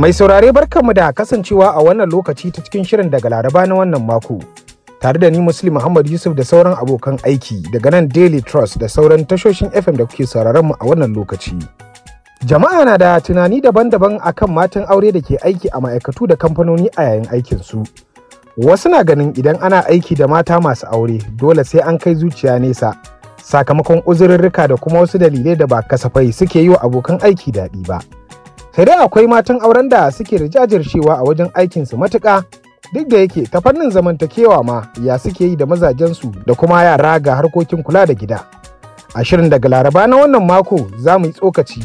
Mai saurare barkanmu da kasancewa a wannan lokaci ta cikin shirin daga Laraba na wannan mako. Tare da ni Muslim Muhammad Yusuf da sauran abokan aiki daga nan Daily Trust da sauran tashoshin FM da kuke sauraron mu a wannan lokaci. Jama'a na da tunani daban-daban akan matan aure da ke aiki a ma'aikatu da kamfanoni a yayin aikin su Wasu na ganin idan ana aiki da mata masu aure dole sai an kai zuciya nesa sakamakon uzurirrika da kuma wasu dalilai da ba kasafai suke yi wa abokan aiki daɗi ba. sai dai akwai matan auren da suke da jajircewa a wajen aikinsu matuƙa duk da yake ta fannin zamantakewa ma ya suke yi da mazajensu da kuma yara ga harkokin kula da gida a shirin daga laraba na wannan mako za mu yi tsokaci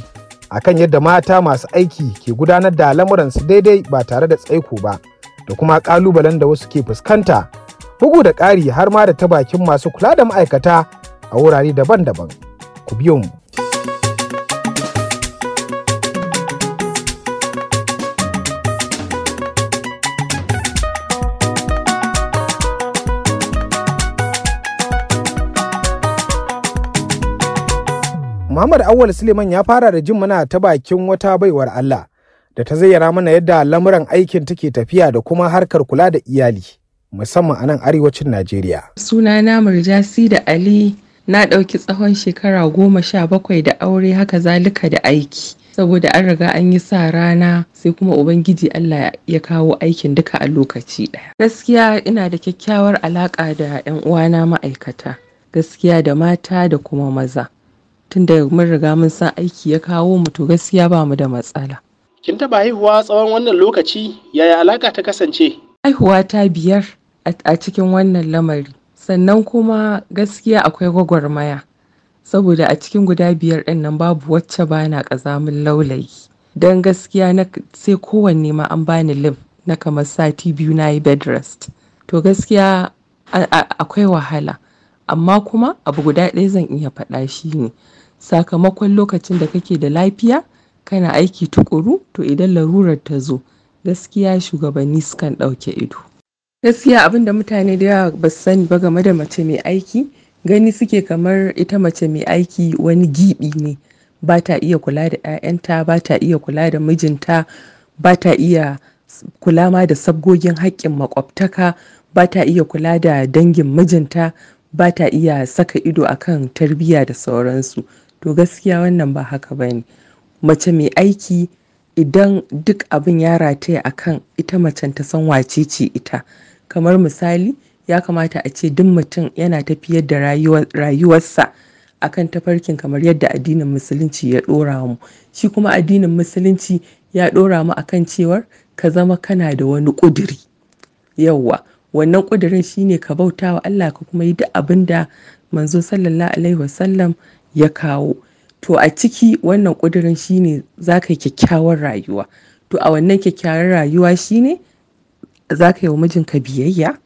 A kan yadda mata masu aiki ke gudanar da lamuransu daidai ba tare da tsaiko ba da kuma ƙalubalen da wasu ke fuskanta bugu da ƙari har ma da ta bakin masu kula da ma'aikata a wurare daban-daban ku biyo mu Muhammad Awal Suleiman ya fara da jin mana ta bakin wata baiwar Allah da ta zayyana mana yadda lamuran aikin take tafiya da kuma harkar kula da iyali musamman a nan arewacin Najeriya. Sunana Murjasi da Ali na ɗauki tsawon shekara goma sha bakwai da aure haka zalika da aiki. Saboda an riga an yi sa rana sai kuma Ubangiji Allah ya kawo aikin duka a lokaci ɗaya. Gaskiya ina da kyakkyawar alaƙa da 'yan uwana ma'aikata, gaskiya da mata da kuma maza. tunda mun riga mun san aiki ya kawo mu to gaskiya ba mu da matsala. Kin taba haihuwa tsawon wannan lokaci yaya alaka ta kasance? Haihuwa ta biyar a cikin wannan lamari sannan kuma gaskiya akwai gwagwarmaya saboda a cikin guda biyar ɗin nan babu wacce ba na ƙazamin laulayi. Don gaskiya na sai kowanne ma an bani lif na kamar sati biyu na yi bed rest. To gaskiya akwai wahala amma kuma abu guda ɗaya zan iya faɗa shi ne sakamakon lokacin da kake da lafiya kana aiki tuƙuru to idan larurar ta zo gaskiya shugabanni sukan ɗauke ido. Gaskiya abin da mutane da yawa ba su sani ba game da mace mai aiki gani suke kamar ita mace mai aiki wani gibi ne ba ta iya kula da 'ya'yanta ba ta iya kula da mijinta ba ta iya kula ma da sabgogin haƙƙin makwabtaka ba ta iya kula da dangin mijinta ba ta iya saka ido akan tarbiyya da sauransu. to gaskiya wannan ba haka ba ne mace mai aiki idan duk abin ya rataya a kan ita macen ta san wace ce ita kamar misali ya kamata a ce duk mutum yana tafiyar da rayuwarsa akan tafarkin kamar yadda addinin musulunci ya ɗora mu shi kuma addinin musulunci ya ɗora mu akan cewar ka zama kana da wani ƙuduri yauwa wannan ƙudurin shine ka bauta wa Allah ka kuma yi duk abin da manzo sallallahu alaihi wasallam ya kawo to a ciki wannan ƙudurin shine za ka yi kyakkyawar rayuwa to a wannan kyakkyawar rayuwa shine za ka yi wa mijinka biyayya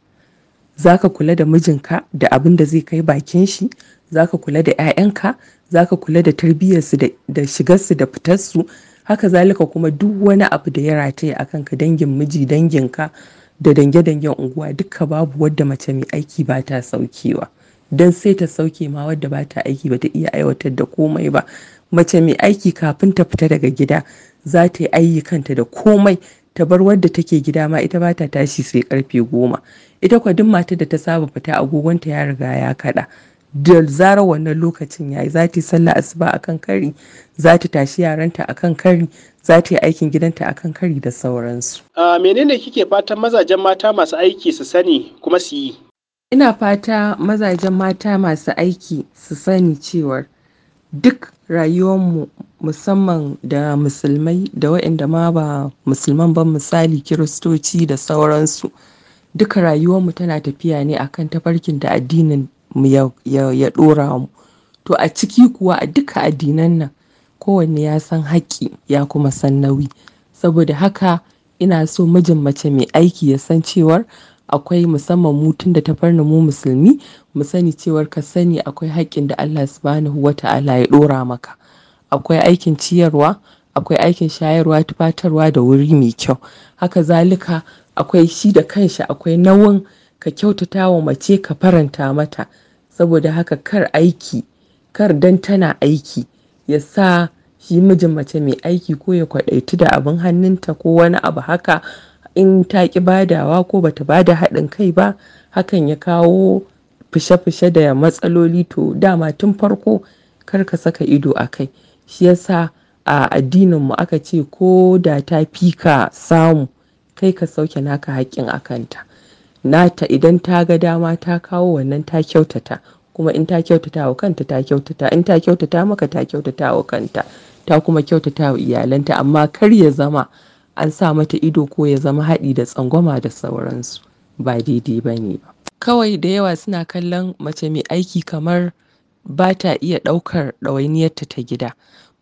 za ka kula da mijinka da abin da zai kai bakin shi za ka kula da 'ya'yanka za ka kula da tarbiyyarsu da shigarsu da fitarsu haka zalika kuma duk wani abu da ya rataye a kanka dangin miji danginka da dange-dangen unguwa duka babu wadda mace mai aiki ba ta saukewa. don sai ta sauke ma wadda ba ta aiki ba ta iya aiwatar da komai ba mace mai aiki kafin ta fita daga gida za ta yi ayyukanta da komai ta bar wadda take gida ma ita ba ta tashi sai karfe goma ita kwa duk matar da ta saba fita agogonta ya riga ya kada da zarar wannan lokacin ya yi za ta yi sallah asuba a kan kari za ta tashi yaranta a kan kari za ta yi aikin gidanta a kan kari da sauransu. Ah, menene kike fatan mazajen mata masu aiki su sani kuma su yi? Ina fata mazajen mata masu aiki su sani cewar duk rayuwarmu musamman da musulmai da waɗanda ma ba musulman ba misali kiristoci da sauransu duka rayuwarmu tana tafiya ne akan tafarkin da addinin ya, ya, ɗora mu. To a ciki kuwa a duka addinan nan kowanne ya san haƙƙi ya kuma san nauyi. Saboda haka ina so mijin mace mai aiki ya san cewar akwai musamman mu tun da ta farna mu musulmi mu sani cewar ka sani akwai haƙƙin da Allah subhanahu wa ta'ala ya ɗora maka akwai aikin ciyarwa akwai aikin shayarwa tufatarwa da wuri mai kyau haka zalika akwai shi da kanshi akwai nauyin ka kyautata wa mace ka faranta mata saboda haka kar aiki kar dan tana aiki ya sa shi mijin mace mai aiki ko ya kwaɗaiti da abin hannunta ko wani abu haka in ta ƙi badawa ko bata bada haɗin kai ba hakan ya kawo fishe-fishe da matsaloli to dama tun farko kar ka saka ido a kai shi yasa a addininmu aka ce ko da ta fi ka samu kai ka sauke naka haƙƙin a kanta nata idan ta ga dama ta kawo wannan ta kyautata kuma in ta kyautata wa kanta ta kyautata in ta kyautata maka ta kyautata wa kanta ta kuma kyautata wa iyalanta amma kar ya zama an sa mata ido ko ya zama haɗi da tsangwama da sauransu ba daidai ba ne ba kawai da yawa suna kallon mace mai aiki kamar ba ta iya ɗaukar ɗawainiyarta ta gida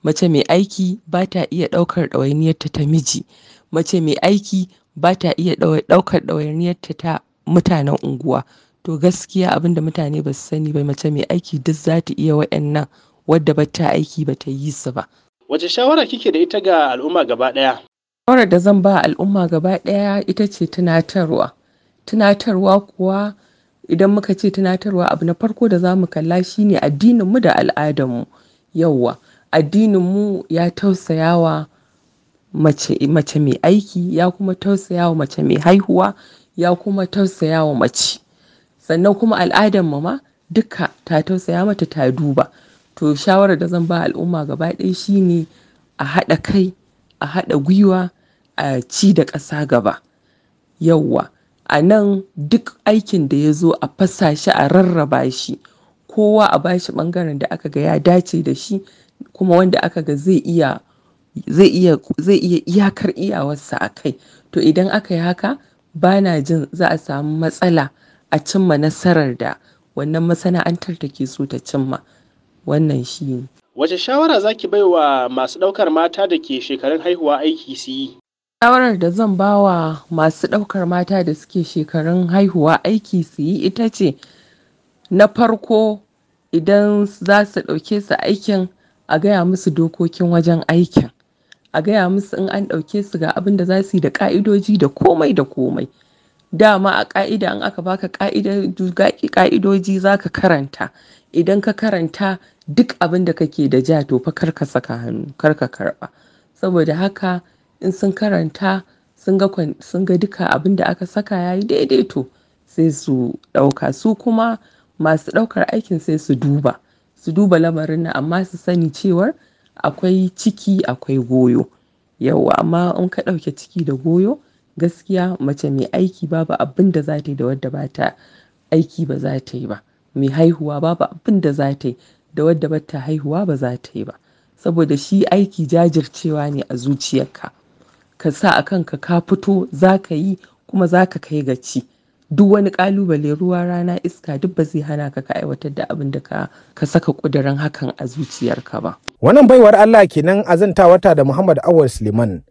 mace mai aiki ba ta iya ɗaukar ɗawainiyarta ta miji mace mai aiki ba ta iya ɗaukar ɗawainiyarta ta mutanen unguwa to gaskiya abin da mutane ba su sani ba mace mai aiki duk za ta iya wa'annan wadda ba ta aiki ba ta yi su ba wace shawara kike da ita ga al'umma gaba ɗaya Shawarar da zan ba al'umma gaba ɗaya ita ce tunatarwa. Tunatarwa kuwa idan muka ce tunatarwa abu na farko da za mu kalla shi ne addininmu da al'adarmu. Yauwa addininmu ya tausaya mace, mai aiki, ya kuma tausaya mace mai haihuwa, ya kuma tausayawa mace. Sannan kuma al'adarmu ma duka ta tausaya mata ta duba. To shawarar da zan ba al'umma gaba ɗaya shi ne a haɗa kai, a haɗa gwiwa, a ci da ƙasa gaba. Yawwa, a nan duk aikin da ya zo a fasa shi a rarraba shi, kowa a ba shi ɓangaren da aka ga ya dace da shi kuma wanda aka ga zai iya zai iya zai iya iyakar iyawarsa a kai. To idan aka yi haka ba na jin za a samu matsala a cimma nasarar da wannan masana'antar ta ke so ta cimma. Wannan shi ne. Wace shawara za ki bai wa masu ɗaukar mata da ke shekarun haihuwa aiki su yi? Shawarar da zan ba wa masu ɗaukar mata da suke shekarun haihuwa aiki su yi ita ce, na farko idan za su ɗauke su aikin, a gaya musu dokokin wajen aikin. A gaya musu in an ɗauke su ga abin da za su yi da ƙa'idoji da komai da komai. Dama a ƙa'ida in aka baka ƙa'idoji za ka karanta. Idan ka karanta duk abin da kake da ja to fa kar ka saka hannu, kar ka karɓa. Saboda haka in sun karanta sun ga duka abin da aka saka ya yi daidai to sai su ɗauka su kuma masu ɗaukar aikin sai su duba su duba lamarin nan amma su sani cewar akwai ciki akwai goyo yauwa amma in ka ɗauke ciki da goyo gaskiya mace mai aiki babu abin da za ta yi da wadda ba ta aiki ba za ta yi ba mai haihuwa babu abin da za ta yi da wadda ba ta haihuwa ba za ta yi ba saboda shi aiki jajircewa ne a zuciyarka ka sa a kanka ka fito za ka yi kuma za ka kai gaci duk wani ƙalubale ruwa rana iska duk ba zai hana ka ka aiwatar da abin da ka saka kudirin hakan a zuciyarka ba wannan baiwar Allah kenan wata da Muhammad Awal Suleiman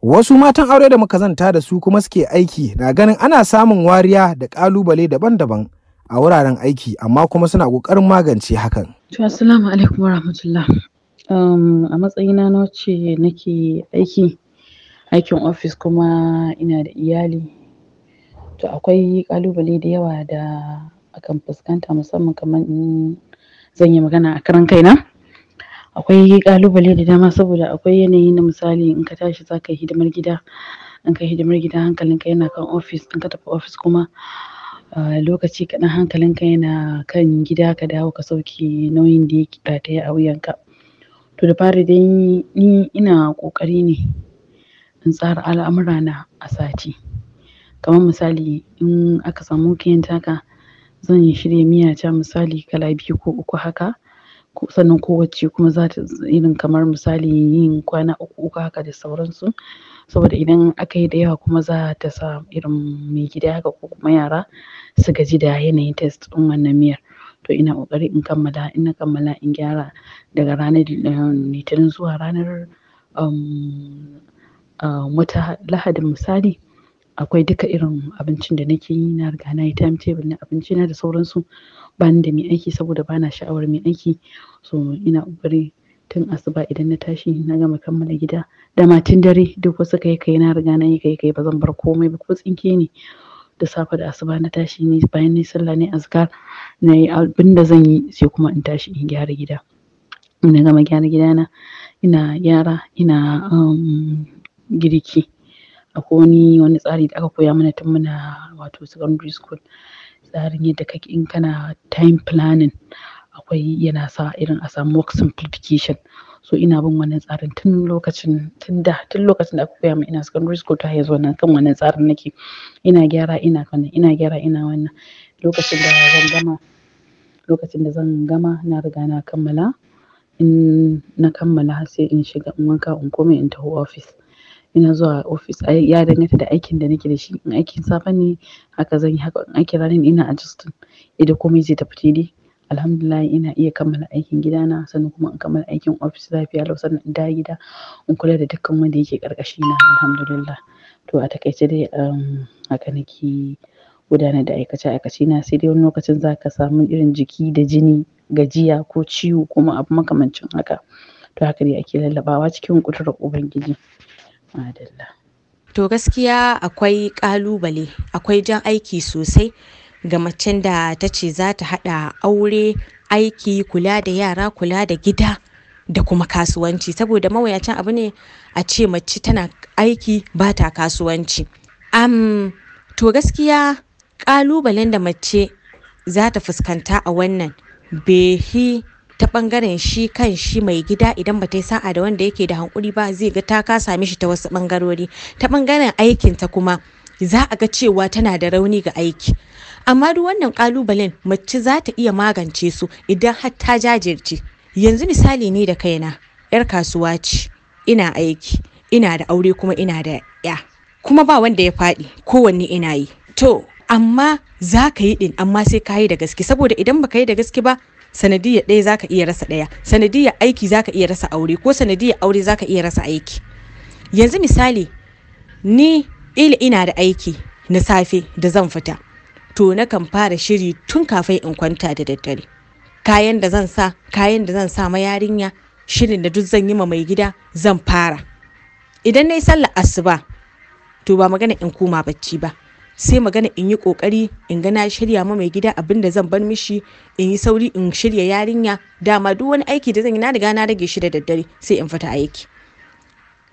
wasu matan aure da muka zanta da su kuma suke aiki na ganin ana samun wariya da ƙalubale daban-daban a wuraren aiki amma kuma suna kokarin magance hakan to assalamu alaikum wa um, a matsayina na wacce nake aiki aikin ofis kuma ina da iyali to akwai ƙalubale da yawa da akan fuskanta musamman kamar in zan yi magana a karan kaina akwai ƙalubale da dama saboda akwai yanayi na misali in ka tashi za ka yi hidimar gida in ka hidimar gida hankalinka yana kan ofis in ka tafi ofis kuma ah, lokaci kaɗan hankalinka yana kan gida ka dawo ka sauke nauyin da ya rataya a wuyanka to da fari dai ni ina ƙoƙari ne in tsara na a sati kamar misali in aka samu weekend taka zan yi shirya miya ta misali kala biyu ko uku haka sannan kowacce kuma za ta irin kamar misali yin kwana uku uku haka da sauransu saboda idan aka yi da yawa kuma za ta sa irin mai gida haka ko kuma yara su gaji da yanayin test din wannan miyar to ina kokari in kammala in na kammala in gyara daga ranar eh, litinin zuwa ranar um, wata lahadin misali akwai duka irin abincin da nake yi na riga na yi table na abinci na da sauransu ba ni da mai aiki saboda ba na sha'awar mai aiki so ina ƙoƙari tun asuba idan na tashi na gama kammala gida Da ma tun dare duk wasu kai kai na riga na yi kai kai ba zan bar komai ba ko tsinke ne da safe da asuba na tashi ne bayan na sallah ne azkar na yi abin da zan yi sai kuma in tashi in gyara gida ina gama gyara gidana ina gyara ina um, girki akwai wani wani tsari da aka koya mana tun muna wato secondary school tsarin yadda kake in kana time planning akwai yana sa irin a samu work simplification so ina bin wannan tsarin tun lokacin tun da tun lokacin da aka koya mana ina secondary school ta yanzu wannan kan wannan tsarin nake ina gyara ina wannan ina gyara ina wannan lokacin da zan gama lokacin da zan gama na riga na kammala in na kammala sai in shiga in wanka in koma, in taho office ina zuwa ofis ya danganta da aikin da nake da shi in aikin safe ne haka zan yi haka in aikin rana ne ina justin. idan komai zai tafi daidai alhamdulillah ina iya kammala aikin gidana sannan kuma in kammala aikin ofis lafiya lau sannan in dawo gida in kula da dukkan wanda yake karkashi na alhamdulillah to a takaice dai um, haka nake gudanar da aikace aikace na sai dai wani lokacin za ka samu irin jiki da jini gajiya ko ciwo kuma abu makamancin haka to haka dai ake lallabawa cikin kuturar ubangiji To gaskiya akwai ƙalubale, akwai jan aiki sosai ga macen da ta ce za ta haɗa aure, aiki, kula da yara, kula da gida da kuma kasuwanci. Saboda mawuyacin abu ne a ce mace tana aiki ba ta kasuwanci. Am, to gaskiya ƙalubalen da mace za ta fuskanta a wannan bai hi ta bangaren shi kan shi mai gida idan ba ta yi sa'a da wanda yake da hankuri ba zai ga ta kasa mishi ta wasu bangarori ta bangaren ta kuma za a ga cewa tana da rauni ga aiki amma duk wannan kalubalen mace za ta iya magance su idan har ta jajirce yanzu misali ne da kaina yar kasuwa ce ina aiki ina da aure kuma ina da ya kuma ba wanda ya faɗi kowanne ina yi to amma za ka yi din amma sai ka yi da gaske saboda idan baka yi da gaske ba sanadiyar ɗaya ka iya rasa ɗaya sanadiyar aiki za ka iya rasa aure ko sanadiyar aure za ka iya rasa aiki yanzu misali ni ila ina da aiki na safe da zan fita to na kan fara shiri tun kafin in kwanta da daddare kayan da zan sa kayan da zan sa ma yarinya shirin da duk zan yi ma mai gida zan fara idan na yi sallar asuba to ba magana in koma bacci ba sai magana in yi kokari in gana shirya ma mai gida abin da zan bar mishi in yi sauri in shirya yarinya dama duk wani aiki da zan yi na riga na rage shi da daddare sai in fita aiki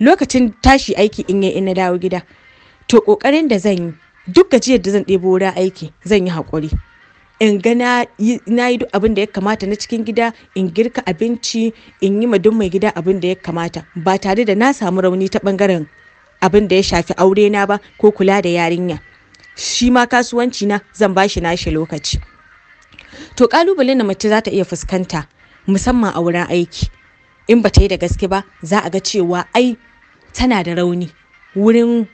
lokacin tashi aiki in yi in na dawo gida to kokarin da zan yi duk gajiyar da zan ɗebo wurin aiki zan yi haƙuri in ga na yi duk abin da ya kamata na cikin gida in girka abinci in yi ma duk mai gida abin da ya kamata ba tare da na samu rauni ta bangaren abin da ya shafi aure na ba ko kula da yarinya shi ma kasuwanci na zan bashi nashi lokaci to kalubalen da mace za ta iya fuskanta musamman a wurin aiki in ba ta yi da gaske ba za a ga cewa ai tana da rauni wurin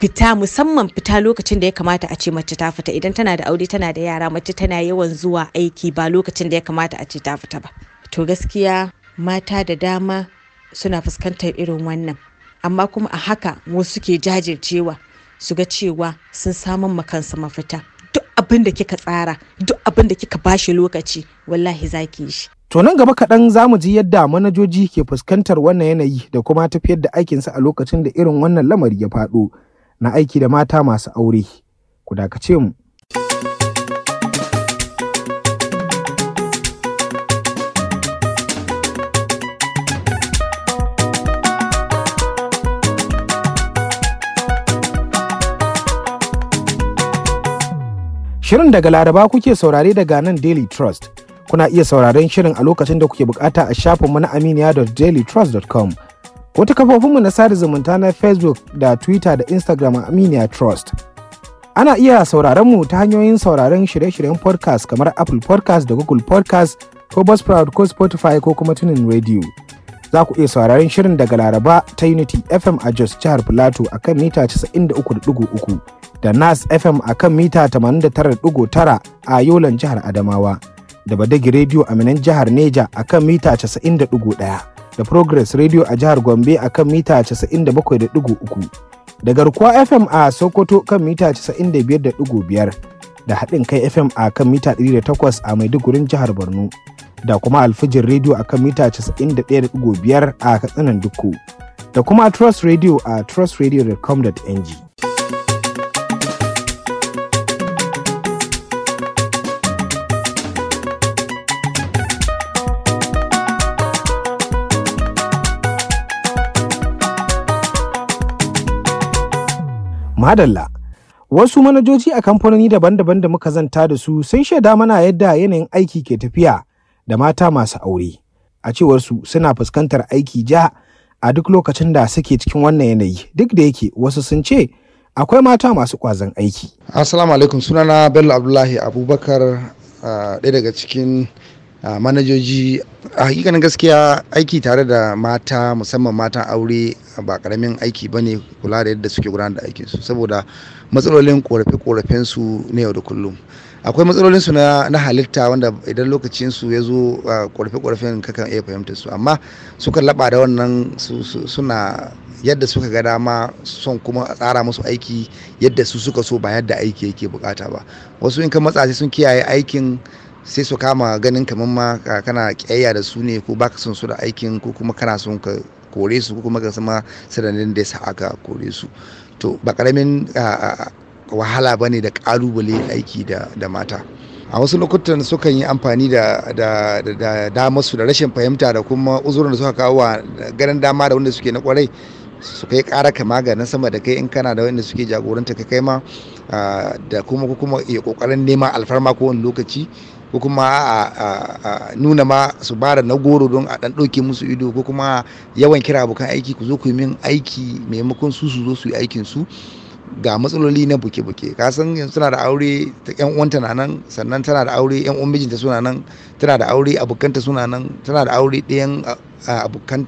fita musamman fita lokacin da ya kamata a ce mace ta fita idan tana da aure tana da yara mace tana yawan zuwa aiki ba lokacin da ya kamata a ce ta fita ba to gaskiya mata da dama suna fuskantar irin wannan amma kuma a haka wasu ke jajircewa su ga cewa sun samun makansa mafita duk abin da kika tsara duk abin da kika bashi lokaci wallahi zaki yi shi To nan gaba kaɗan za mu ji yadda manajoji ke fuskantar wannan yanayi da kuma tafiyar da aikinsa a lokacin da irin wannan lamari ya faɗo na aiki da mata masu aure. Ku dakace mu. Shirin daga Laraba kuke saurare daga nan Daily Trust. Kuna iya sauraren shirin a lokacin da kuke bukata a shafin shafinmu na aminiya.dailytrust.com ko ta kafofinmu na sada zumunta na Facebook da Twitter da Instagram a Aminiya Trust. Ana iya sauraron mu ta hanyoyin sauraron shirye-shiryen podcast kamar Apple podcast da Google podcast ko Buzzsprout ko Spotify ko kuma tunin radio. Za ku iya sauraron shirin daga Laraba ta Unity FM a Jos Jihar Plateau a kan mita 93.3. da nas fm a kan mita 89.9 a yolan jihar adamawa da badagi radio a minan jihar neja a kan mita 90.1 da progress radio a jihar gombe a kan mita 97.3 da garkuwa fm a sokoto kan mita 95.5 da haɗin kai fm a kan mita 108 a maidugurin jihar borno da kuma alfijin radio a kan mita 91.5 a katsinan dukku da kuma trust radio a trustradio.com.ng Madalla. Wasu manajoji a kamfanoni daban-daban da muka zanta da su sun shaida mana yadda yanayin aiki ke tafiya da mata masu aure. A cewar su suna fuskantar aiki ja a duk lokacin da suke cikin wannan yanayi duk da yake wasu sun ce akwai mata masu kwazon aiki. Assalamu alaikum sunana Bello Abdullahi Abubakar ah, ɗaya daga cikin manajoji a hakikanin gaskiya aiki tare da mata musamman matan aure ba karamin aiki ba ne kula da yadda suke gudanar da aikinsu saboda matsalolin korafe-korafen su na yau da kullum akwai matsalolin su na halitta wanda idan lokacin su ya zo korafe-korafen kakan iya fahimtar su amma suka laba da wannan suna yadda suka ga dama son kuma a tsara musu aiki yadda su suka so ba yadda aiki yake bukata ba wasu in ka matsa sun kiyaye aikin sai su kama ganin kamar ma kana kyayya da su ne ko baka son su da aikin ko kuma kana son ka kore su ko kuma ka sama sanannen da ya sa aka kore su to ba karamin wahala ba ne da kalubale aiki da mata a wasu lokutan sukan yi amfani da damar su da rashin fahimta da kuma uzurin da suka kawo wa ganin dama da wanda suke na kwarai su kai kara kama ga na sama da kai in kana da wanda suke jagoranta ka kai ma da kuma kuma ya kokarin neman alfarma ko wani lokaci ko kuma a nuna ma su ba na goro don a dan ɗauke musu ido ko kuma yawan kira abokan aiki ku zo ku yi min aiki maimakon su su zo su yi aikin su ga matsaloli na buke-buke ka san yanzu tana da aure ta yan uwanta na nan sannan tana da aure yan uwan mijinta suna nan tana da aure abokanta suna nan tana da aure ɗayan abokan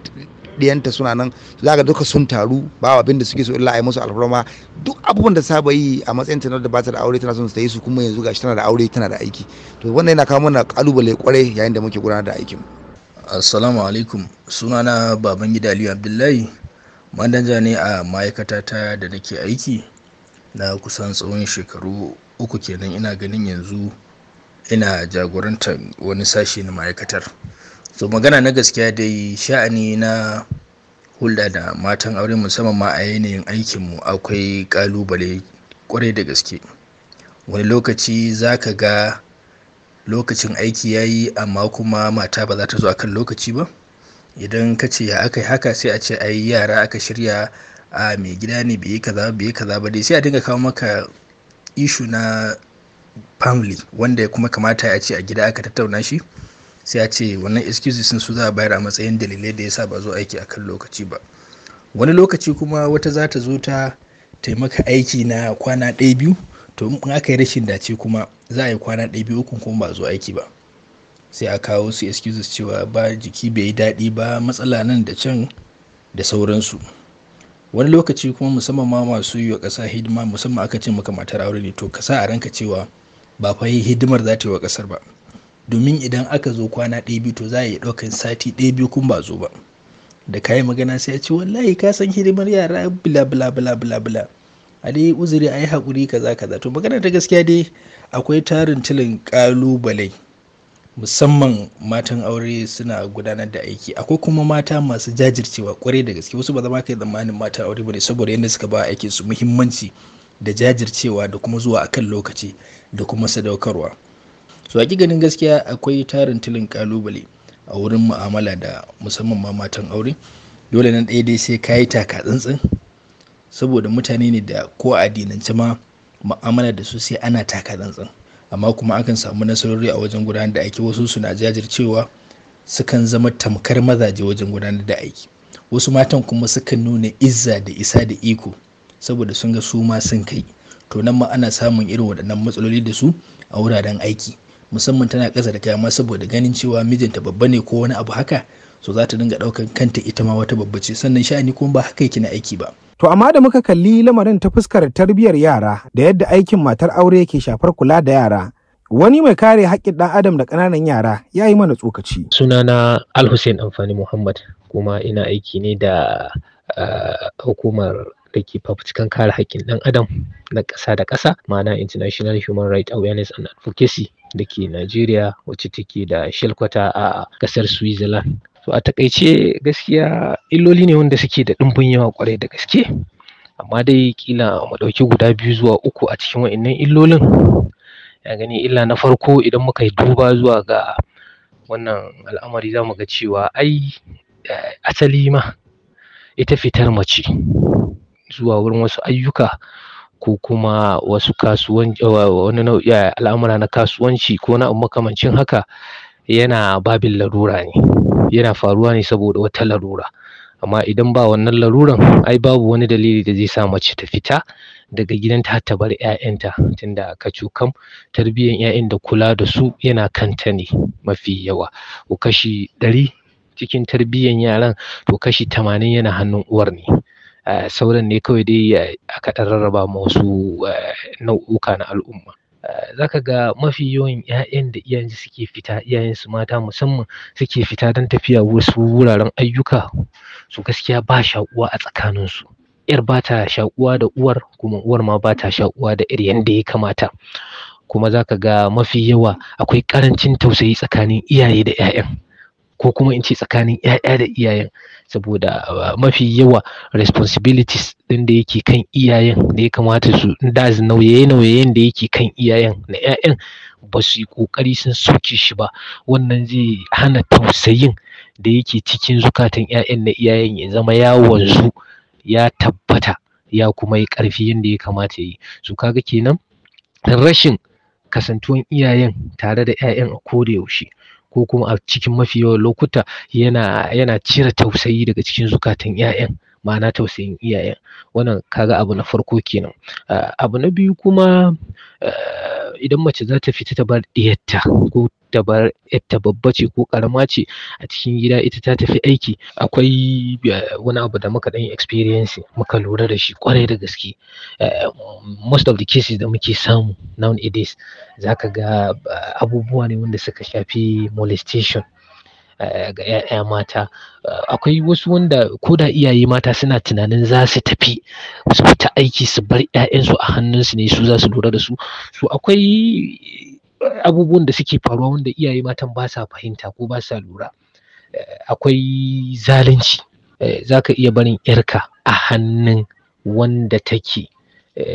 Ɗiyanta suna nan za ga duka sun taru ba abin da suke so illa ai musu alfarma duk abubuwan da saba yi a matsayin ta da ba ta da aure tana son ta yi su kuma yanzu gashi tana da aure tana da aiki to wannan yana kawo mana kalubale kwarai yayin da muke gudanar da aikin assalamu alaikum suna sunana babangida aliyu abdullahi mandanja ne a ma'aikata ta da nake aiki na kusan tsawon shekaru uku kenan ina ganin yanzu ina jagorantar wani sashe na ma'aikatar so magana na gaskiya dai sha'ani na hulɗa da matan aure musamman ma a yanayin aikinmu akwai ƙalubale ƙwarai da gaske wani lokaci za ka ga lokacin aiki ya yi amma kuma mata ba za ta zo a kan lokaci ba idan ka ce ya aka yi haka sai a ce a yi yara aka shirya a mai gida ne bai yi kaza bai yi kaza ba dai sai a dinga kawo maka ishu na family wanda kuma kamata a ce a gida aka tattauna shi sai ya ce wannan excuses sun su za a bayar a matsayin dalilai da ya sa ba zo aiki a kan lokaci ba wani lokaci kuma wata za ta zo ta taimaka aiki na kwana ɗaya biyu to in aka yi rashin dace kuma za a yi kwana ɗaya biyu uku kuma ba zo aiki ba sai a kawo su excuses cewa ba jiki bai yi daɗi ba matsala nan da can da sauransu wani lokaci kuma musamman ma masu yi wa ƙasa hidima musamman aka ce maka matar aure ne to ka sa a ranka cewa ba fa hidimar za ta yi wa ƙasar ba domin idan aka zo kwana ɗaya biyu to za a yi ɗaukan sati ɗaya biyu kun ba zo ba da kayan magana sai ya ce wallahi ka san hidimar yara bla bla bla bla bla a dai uzuri a yi hakuri kaza kaza to magana ta gaskiya dai akwai tarin tilin ƙalubale musamman matan aure suna gudanar da aiki akwai kuma mata masu jajircewa kwarai da gaske wasu ba zama kai tsammanin mata aure ba ne saboda yadda suka ba aikin su muhimmanci da jajircewa da kuma zuwa akan lokaci da kuma sadaukarwa su haƙi ganin gaskiya akwai tarin tilin kalubale a wurin mu'amala da musamman ma matan aure dole nan ɗaya dai sai ka yi taka tsantsin saboda mutane ne da ko a addinance ma mu'amala da su sai ana taka tsantsin amma kuma akan samu nasarori a wajen gudanar da aiki wasu suna jajircewa sukan zama tamkar mazaje wajen gudanar da aiki wasu matan kuma sukan nuna izza da isa da iko saboda sun ga su ma sun kai to nan ma ana samun irin waɗannan matsaloli da su a wuraren aiki musamman tana ƙasa da kyama saboda ganin cewa mijinta babba ne ko wani abu haka so za ta dinga ɗaukan kanta ita ma wata babba ce sannan sha'ani kuma ba haka yake na aiki ba. To amma da muka kalli lamarin ta fuskar tarbiyyar yara da yadda aikin matar aure ke shafar kula da yara Wani mai kare haƙƙin ɗan adam da ƙananan yara ya yi mana tsokaci. Sunana Alhussein Amfani Muhammad kuma ina aiki ne da uh, hukumar da ke fafutukan kare haƙƙin ɗan adam na ƙasa da ƙasa ma'ana International Human Rights Awareness and Advocacy da ke Najeriya wacce take da shilkwata a kasar Switzerland. To a takaice gaskiya illoli ne wanda suke da ɗumbin yawa kwarai da gaske. Amma dai kila mu ɗauki guda biyu zuwa uku a cikin wa'innan illolin. Ya gani illa na farko idan muka yi duba zuwa ga wannan al'amari za mu ga cewa ai eh, asali ma ita fitar mace zuwa wurin wasu ayyuka ko kuma wasu kasuwanci eh, wani nau'i eh, al'amura na kasuwanci ko na makamancin haka yana babin larura ne yana faruwa ne saboda wata larura amma idan ba wannan laruran ai babu wani dalili da zai sa mace ta fita daga gidanta ta ta bar 'ya'yanta tunda cukam tarbiyyar 'ya'yan da kula da su yana kanta ne mafi yawa ko kashi ɗari cikin tarbiyyar yaran to kashi tamanin yana hannun uwar ne Eh, sauran ne kawai dai eh, aka ɗan rarraba ma wasu eh, nau'uka na al'umma zaka ga mafi yawan 'ya'yan da iyayensu suke fita iyayen su mata musamman suke fita don tafiya wasu wuraren ayyuka su gaskiya ba shaƙuwa a tsakaninsu yar ba ta shaƙuwa da uwar kuma uwar ma ba ta shaƙuwa da yar yadda ya kamata kuma zaka ga mafi yawa akwai ƙarancin tausayi tsakanin iyaye da 'ya'yan ko kuma in ce tsakanin 'ya'ya da iyayen saboda ah, mafi yawa responsibilities ɗin da yake kan iyayen da ya kamata su da nauye-nauyen da yake kan iyayen na 'ya'yan ba su yi ƙoƙari sun soke shi ba wannan zai hana tausayin da yake cikin zukatan 'ya'yan na iyayen ya zama ya wanzu ya tabbata ya kuma yi ƙarfi yadda ya kamata ya yi su kaga kenan rashin kasantuwan iyayen tare da 'ya'yan a koda yaushe ko kuma a cikin mafi yawan lokuta yana yana cire tausayi daga cikin zukatan 'ya'yan ma'ana tausayin iyayen wannan kaga abu na farko kenan ah, abu na biyu kuma eh, idan mace za ta fita ta bar diyarta ko ta bar babba ce ko karama ce a cikin gida ita ta tafi aiki akwai eh, wani abu da muka dan experience muka lura da shi kwarai da gaske eh, most of the cases da muke samu nowadays zaka ga abubuwa ne wanda suka shafi molestation Eh, ga 'ya'ya mata eh, akwai wasu wanda ko da iyaye mata suna tunanin za su tafi su fita aiki su bar 'ya'yansu a hannunsu ne su za su lura da su so akwai abubuwan da suke faruwa wanda iyaye matan ba sa fahimta ko ba sa lura eh, akwai zalunci za ka iya barin 'yarka a hannun wanda take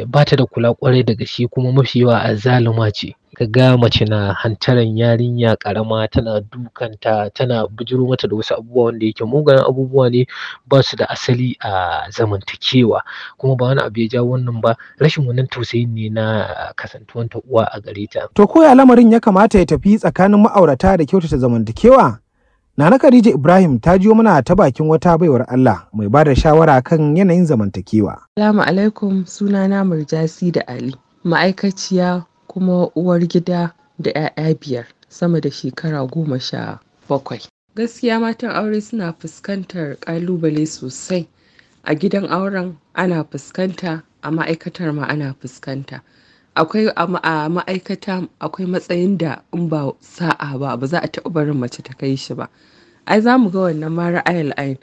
ba ta da kula ƙwarai da gaske kuma mafi yawa azzaluma ce ka ga mace na hantaran yarinya ƙarama tana dukanta tana bijiro mata da wasu abubuwa wanda yake mugayen abubuwa ne ba su da asali a zamantakewa kuma ba wani abu ya jawo wannan ba rashin wannan tausayin ne na kasantuwan ta uwa a gare ta. To koya lamarin ya kamata ya tafi tsakanin ma'aurata da kyautata zamantakewa? Nana Khadija Ibrahim ta jiyo mana ta bakin wata baiwar Allah mai bada shawara kan yanayin zamantakewa. Salamu alaikum sunana Murjasi da Ali ma'aikaciya kuma uwar gida da 'ya'ya biyar sama da shekara goma sha bakwai. Gaskiya matan aure suna fuskantar ƙalubale sosai. A gidan auren ana fuskanta, a ma'aikatar ma ana fuskanta. Akwai a ma'aikata akwai matsayin da in ba sa'a ba ba za a taɓa barin mace ta kai shi ba. Ai za mu ga wannan ma ra'ayin ain.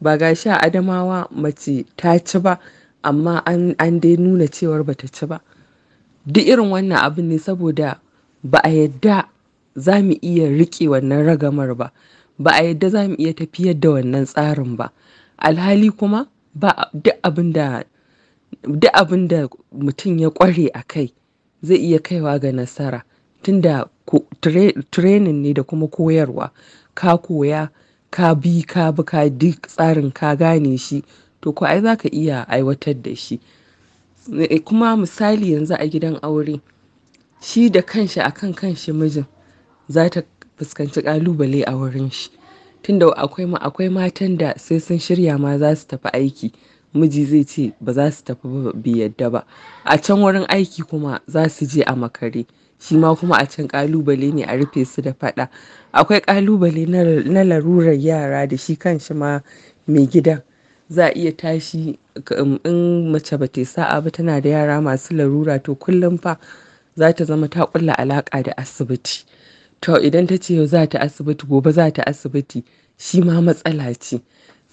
Ba ga shi Adamawa mace ta ci ba amma an dai nuna cewar ba ta ci ba. duk irin wannan abin ne saboda ba a yadda za mu iya riƙe wannan ragamar ba ba a yadda za mu iya tafiyar da wannan tsarin ba alhali kuma ba duk abin da mutum ya ƙware a kai zai iya kaiwa ga nasara tunda training ne da kuma koyarwa ka koya ka bi ka bi ka duk tsarin ka gane shi to ko ai za ka iya aiwatar da shi Eh, kuma misali yanzu a gidan aure shi da kanshi a kan kanshi mijin za ta fuskanci kalubale a wurin shi tunda akwai akwai matan da sai sun shirya ma za su tafi aiki miji zai ce ba za su tafi bi yadda ba a can wurin aiki kuma za su je a makare shi ma kuma a can kalubale ne a rufe su da fada akwai kalubale na larurar yara da shi kanshi ma mai gidan za a iya tashi um, in mace ba ta sa'a ba tana da yara masu larura to kullum fa za ta zama ta kulla alaƙa da asibiti to idan ta ce za ta asibiti gobe za ta asibiti shi ma matsala ce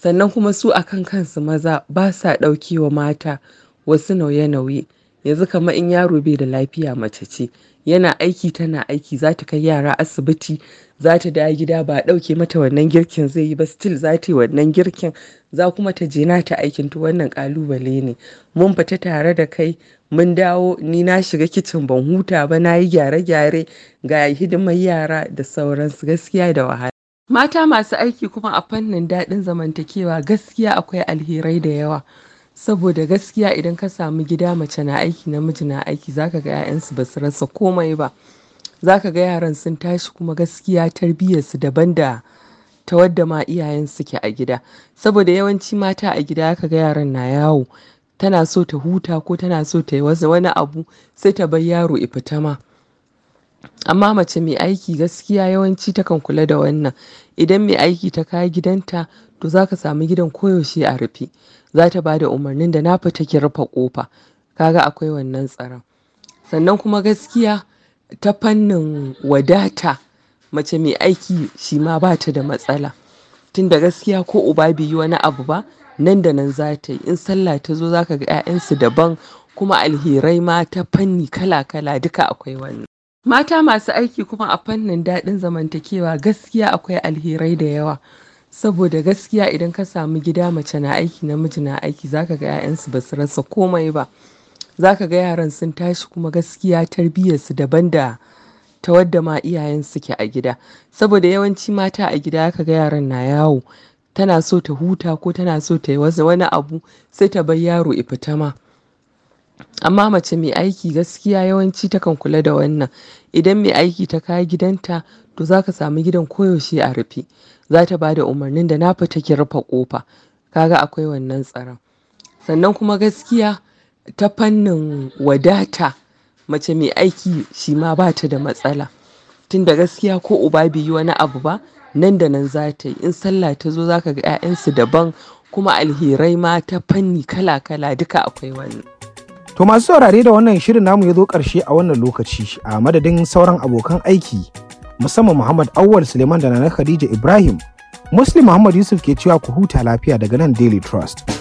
sannan kuma su akan kansu maza ba sa wa mata wasu nauye-nauye yanzu kamar in yaro bai da lafiya mace ce yana aiki tana aiki za ta kai yara asibiti za ta dawo gida ba ɗauke mata wannan girkin zai yi ba still za ta yi wannan girkin za kuma ta je na ta aikin to wannan kalubale ne mun fita tare da kai mun dawo ni na shiga kicin ban huta ba na yi gyare-gyare ga hidimar yara da sauransu gaskiya da wahala mata masu aiki kuma a fannin daɗin zamantakewa gaskiya akwai alherai da yawa saboda gaskiya idan ka samu gida mace na aiki namiji na aiki zaka ga 'ya'yansu ba su rasa komai ba za ka ga yaran sun tashi kuma gaskiya tarbiyyarsu daban da ta wadda ma iyayen suke a gida saboda yawanci mata a gida ka ga yaran na yawo tana so ta huta ko tana so ta yi wani abu sai ta bar yaro ya fita ma amma mace mai aiki gaskiya yawanci takan kula da wannan idan mai aiki ta kayi gidanta to za ka samu gidan koyaushe a rufe za ta ba da umarnin da na fita ki rufe kofa ga akwai wannan tsaron sannan kuma gaskiya ta fannin wadata mace mai aiki shi ma ba ta da matsala Tun da gaskiya ko uba bai yi wani abu ba nan da nan za ta yi in sallah ta zo za ka ga 'ya'yansu daban kuma alherai ma ta fanni kala-kala duka akwai wannan mata masu aiki kuma a fannin daɗin zamantakewa gaskiya akwai alherai da yawa saboda gaskiya idan ka samu gida mace na aiki namiji na aiki za ka ga 'ya'yansu ba su rasa komai ba za ka ga yaran sun tashi kuma gaskiya tarbiyyarsu daban da ta wadda ma iyayen suke a gida saboda yawanci mata a gida ka ga yaran na yawo tana so ta huta ko tana so ta yi wani abu sai ta bar yaro ya fita ma amma mace mai aiki gaskiya yawanci takan kula da wannan idan mai aiki ta kaya gidanta to za ka samu gidan koyaushe a rufe za ta ba da umarnin da na fita ki rufe kofa kaga akwai wannan tsaron sannan kuma gaskiya ta fannin wadata mace mai aiki shi ma ba ta da matsala tunda gaskiya ko uba bai yi wani abu ba nan da nan za ta yi in sallah ta zo za ka ga 'ya'yansu daban kuma alherai ma ta fanni kala-kala duka akwai wani. To masu saurare da wannan shirin namu ya zo ƙarshe a wannan lokaci a madadin sauran abokan aiki musamman Muhammad Awwal Suleiman da Nana Khadija Ibrahim Muslim Muhammad Yusuf ke cewa ku huta lafiya daga nan Daily Trust.